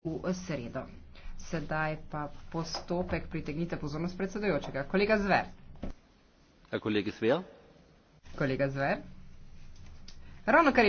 v sredo. Sedaj pa postopek pritegnite pozornost predsedujočega. Kolega Zver. Kolega Zver. Kolega Zver. Ravno kar je bil.